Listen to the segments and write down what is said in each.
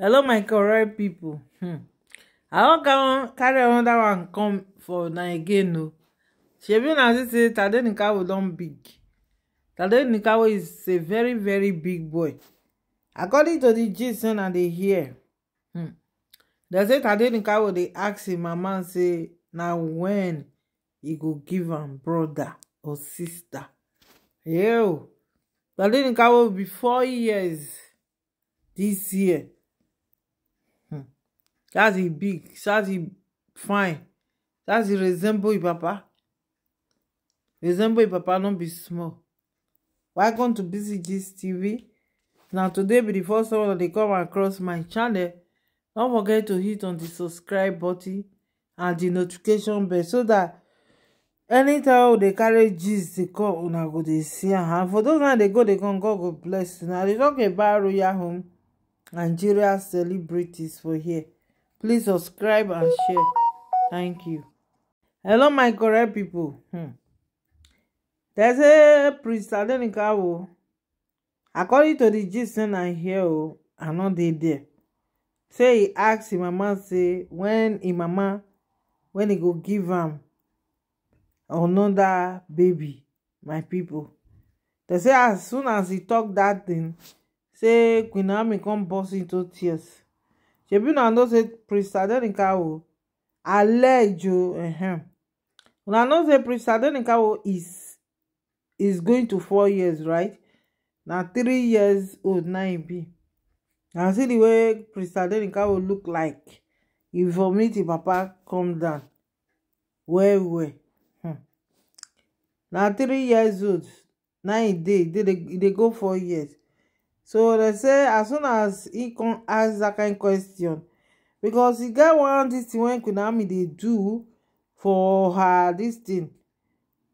hello my correct people. hmm i wan carry another one come for now again no. Oh. o shebi na see say tade nikawo don't big tade nikawo is a very very big boy according to the Jason and i dey hear hmm They say tade nikawo they ask im mama say now when he go give him brother or sista ew oh. tade nikawo be four years this year That's he big. That's he fine. That's he resemble his papa. Resemble his papa, no be small. Welcome to BC TV. Now today be the first one that they come across my channel. Don't forget to hit on the subscribe button and the notification bell so that anytime they carry gist they come on a good see and for those that they go they can go go bless Now they dey talk about royal home Nigeria celebrities for here please subscribe and share thank you hello my correct people. hmm dem say priest adenika according to the gist wey i hear oh, i no dey there say he ask his mama say when his mama when he go give him another baby my people. They say as soon as he talk that thing, say queen naomi come burst into tears shebi una know say priest adenikawo alejo ehem una know say priest adenikawo is is going to four years right na three years old na im be na see the way priest adenikawo look like e vomit im papa come down well well hmm. na three years old na im dey e dey go four years so dem say as soon as he come ask that kind of question because e get one this thing. wey kunami dey do for her this thing,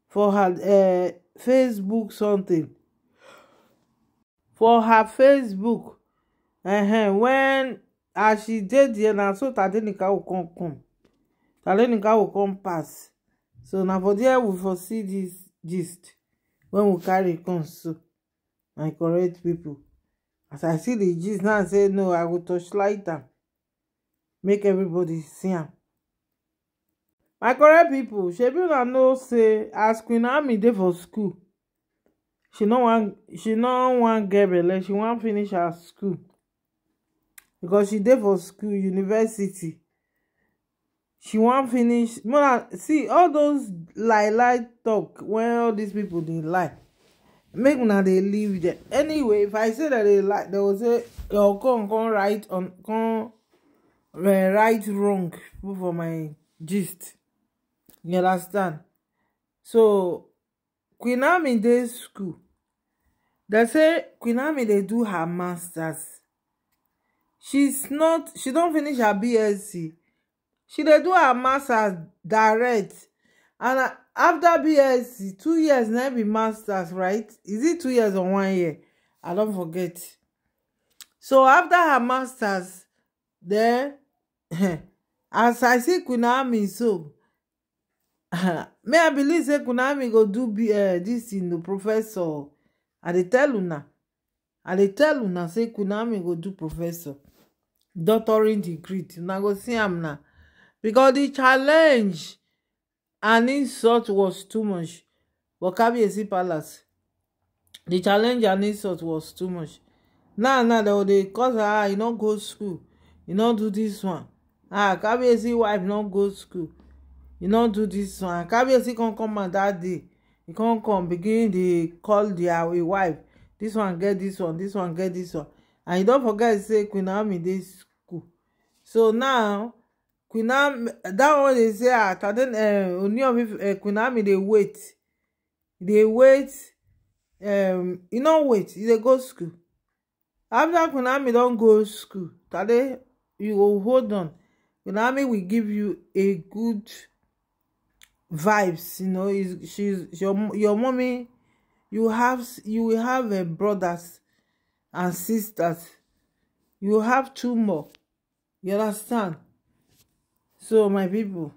for her eh, facebook something for her facebook Uh -huh, When as she dey there na so tadenika go come come tadenika go come pass so na for there we for see dis gist when we carry come so my correct people as i see the Jesus now say no i go torchlight am make everybody see am my correct she be una know say as queen Ami dey for school she no she no want get belle she wan finish her school because she dey for school university she wan finish more see all those lie lie talk when all these people dey lie make una dey leave dem anyway if i say that they like they will say your con con right on con eh, right, wrong for my gist you understand so queen Ami dey school They say queen Ami dey do her masters she's not she don't finish her bsc she dey do her masters direct and after bsc two years na be masters right is it two years or one year i don forget so after her masters then as i see queen so may i believe say queen go do dis eh, in the professor i dey tell una i dey tell una say queen go do professor doctoring degree una go see am na because di challenge an insult was too much but kabiyesi palace the challenge and insult was too much now now dem dey cause ah you no go school you no do this one ah kabiyesi wife no go school you no do this one and kabiyesi come come out that day He come come begin dey call dia ah, wife This one get this one This one get this one and you don forget say queen naomi dey school so now queen that dat one dey say ah tade uh, Ooni of eh, queen Naomi they wait they wait um, you no wait e dey go school after queen don't don go school tade you go hold on queen Naomi will give you a good vibes you know is she's your your mommy you have you will have uh, brothers and sisters you have two more you understand so my people,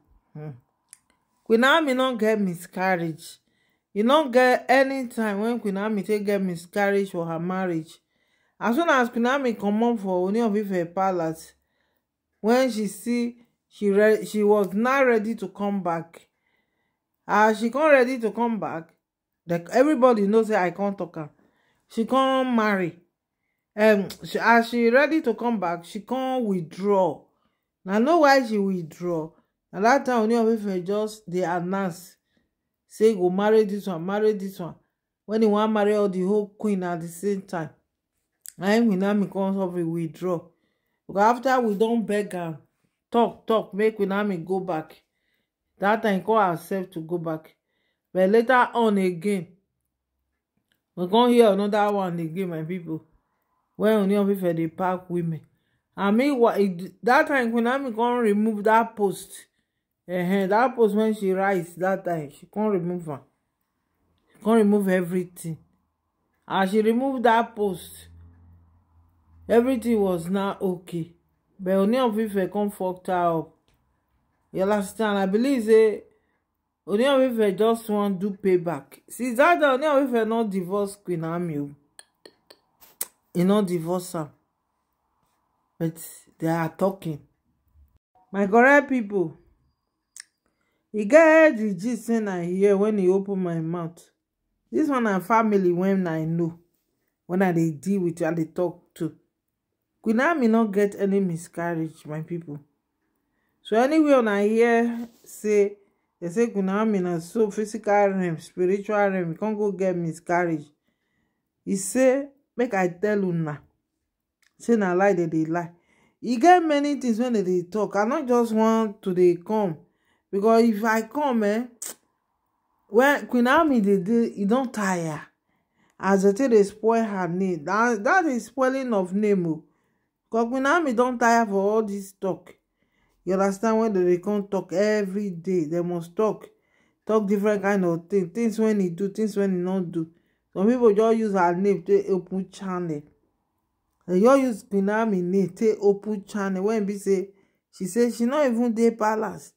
queen hmm, army no get miscarriage e no get any time when queen army take get miscarriage for her marriage as soon as queen army comot for oni of ife palace when she see she re she was now ready to come back as she come ready to come back The everybody know say i come talk am she come marry um as she ready to come back she come withdraw na no why she withdraw na dat time oni of ife just dey announce say go marry this one marry this one When e wan marry all the whole queen at the same time na im winami come up with withdraw because after we don beg am talk talk make winami go back That time e come accept to go back but later on again we come hear another one again my pipo wen oni of ife dey pack women and meanwhile that time when I'm gonna remove that post -huh, that post when she writes that time she can't remove am Can't remove everything as she remove that post everything was not okay but only of ife come fucked her up you understand i believe say only of ife just wan do payback since that only oni of ife no divorce queen ami o oh. not divorce her but they are talking my correct people. e get di gist wey i hear when he open my mouth This one and family when i know when i they deal with and they talk to queen may not get any miscarriage my people. so anyway I hear say they say queen ami na so physical realm spiritual realm e can't go get miscarriage He say make i tell una say na lie dem dey lie e get many things wey dem dey talk i no just want to dey come because if i come eh when queen army dey dey e don tire as dem take dey spoil her name that that is spoiling of name o oh. because queen army don tire for all this talk you understand when dem dey come talk every day dem must talk talk different kind of thing things wey e do things wey e no do some people just use her name take open channel They just use queen amina take open channel When be say she say she not even dey palace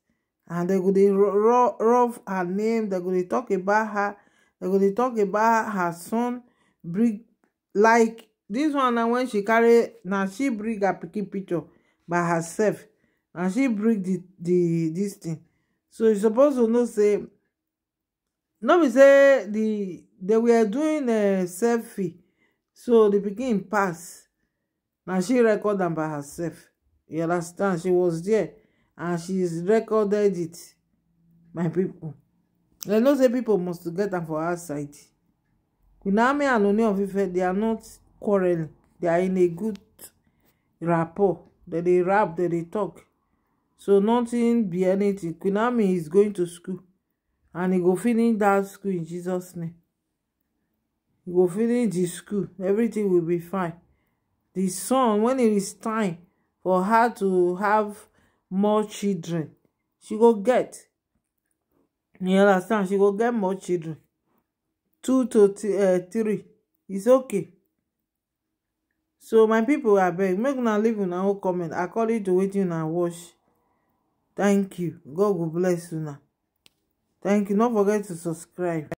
and they go they rough her name They go they talk about her They go they talk about her son bring like this one Now when she carry now she bring her pikin picture by herself And she bring the the this thing so you suppose to know say no we say di they were doing a eh, selfie so the pikin pass Now she recorded am by herself. You understand? She was there and she's recorded it. My people. I know say people must get them for outside. Queen Naomi and Ooni of Ife, they are not quarreling. They are in a good rapport. They dey rap, they talk. So nothing be anything. Queen Naomi is going to school and he go finish that school in Jesus' name. He go finish the school. Everything will be fine the son when it is time for her to have more children she go get you understand she go get more children two to eh, three its okay so my people pipo abeg make una leave una own comment according to wetin una watch thank you god will bless you una thank you no forget to subscribe